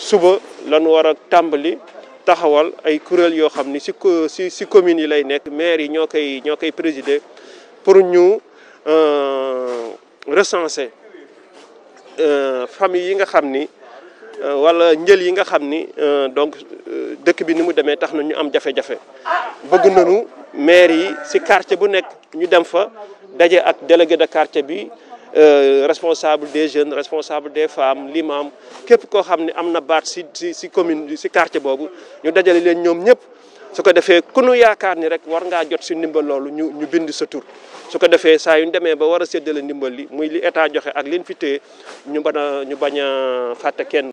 suba lan war a tàmbali taxawal ay kuréel yoo xam ni si si si communes yi lay nekk maire yi ñoo koy ñoo koy présider pour ñu euh, recenser euh, famille yi nga xam ni euh, wala njël yi nga xam ni donc dëkk bi ni mu demee tax na ñu am jafe-jafe bëgg nañu maire yi si quartier bu nekk ñu dem fa daje ak délégué de quartier bi Euh, responsable des jeunes responsable des femmes l'imam képp koo xam ne am na baat si si si commune bi si quartier boobu ñu dajale leen ñoom ñëpp su ko defee ku nu yaakaar ni rek war ngaa jot si ndimbal loolu ñu ñu bind sa tur su ko defee saa yu ñu demee ba war a séddale ndimbal li muy li état joxe ak leen fi ñu bañ a ñu bañ a fàtte kenn.